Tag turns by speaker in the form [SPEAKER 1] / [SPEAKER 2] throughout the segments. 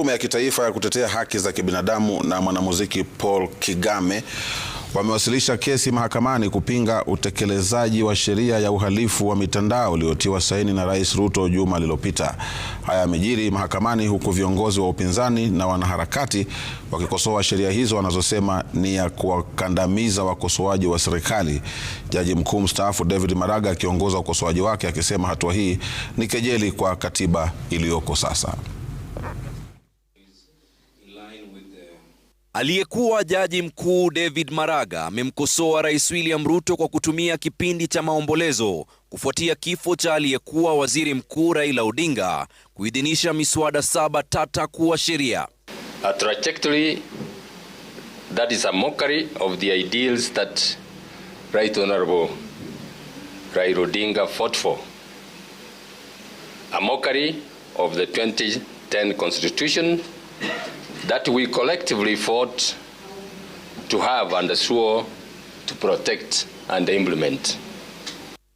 [SPEAKER 1] Tume ya Kitaifa ya Kutetea Haki za Kibinadamu na mwanamuziki Paul Kigame wamewasilisha kesi mahakamani kupinga utekelezaji wa sheria ya uhalifu wa mitandao uliotiwa saini na Rais Ruto juma lililopita. Haya yamejiri mahakamani huku viongozi wa upinzani na wanaharakati wakikosoa sheria hizo wanazosema ni ya kuwakandamiza wakosoaji wa serikali. Jaji mkuu mstaafu David Maraga akiongoza ukosoaji wake akisema hatua hii ni kejeli kwa katiba iliyoko sasa.
[SPEAKER 2] Aliyekuwa jaji mkuu David Maraga amemkosoa Rais William Ruto kwa kutumia kipindi cha maombolezo kufuatia kifo cha aliyekuwa waziri mkuu Raila Odinga kuidhinisha miswada saba tata kuwa sheria.
[SPEAKER 3] A trajectory that is a mockery of the ideals that Right Honorable Raila Odinga fought for. A mockery of the 2010 Constitution that we collectively fought to have and swore to protect and implement.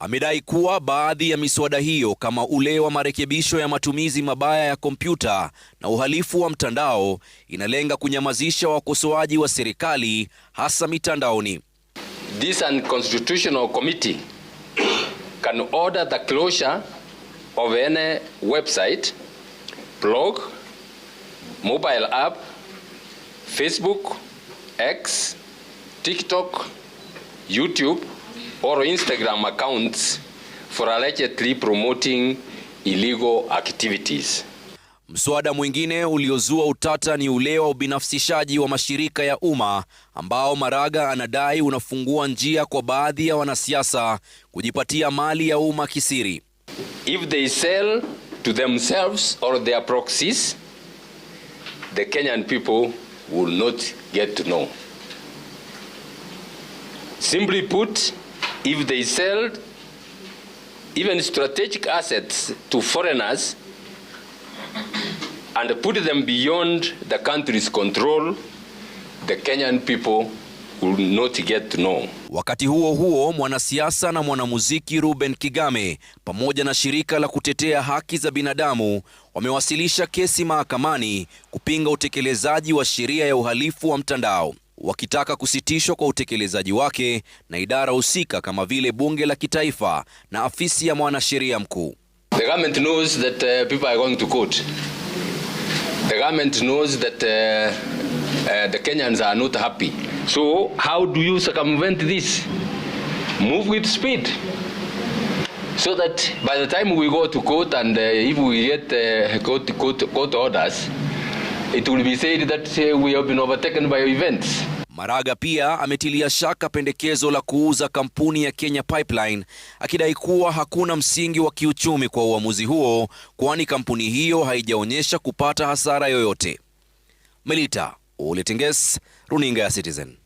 [SPEAKER 2] Amedai kuwa baadhi ya miswada hiyo kama ule wa marekebisho ya matumizi mabaya ya kompyuta na uhalifu wa mtandao inalenga kunyamazisha wakosoaji wa serikali hasa mitandaoni.
[SPEAKER 3] This unconstitutional committee can order the closure of any website, blog mobile app, Facebook, X, TikTok, YouTube or Instagram accounts for allegedly promoting illegal activities.
[SPEAKER 2] Mswada mwingine uliozua utata ni ule wa ubinafsishaji wa mashirika ya umma ambao Maraga anadai unafungua njia kwa baadhi ya wanasiasa kujipatia mali ya umma kisiri.
[SPEAKER 3] If they sell to themselves or their proxies the Kenyan people will not get to know. Simply put, if they sell even strategic assets to foreigners and put them beyond the country's control, the Kenyan people not get to know.
[SPEAKER 2] Wakati huo huo, mwanasiasa na mwanamuziki Ruben Kigame pamoja na shirika la kutetea haki za binadamu wamewasilisha kesi mahakamani kupinga utekelezaji wa sheria ya uhalifu wa mtandao wakitaka kusitishwa kwa utekelezaji wake na idara husika kama vile bunge la kitaifa na afisi ya mwanasheria mkuu.
[SPEAKER 3] The government knows that uh, people are going to court. The government knows that uh, uh, the Kenyans are not happy. So how do you circumvent this? Move with speed so that by the time we go to court and uh, if we get uh, court, court, court orders it will be said that uh, we have been overtaken by events.
[SPEAKER 2] Maraga pia ametilia shaka pendekezo la kuuza kampuni ya Kenya Pipeline akidai kuwa hakuna msingi wa kiuchumi kwa uamuzi huo kwani kampuni hiyo haijaonyesha kupata hasara yoyote. Melita Ole Tinges, runinga ya Citizen.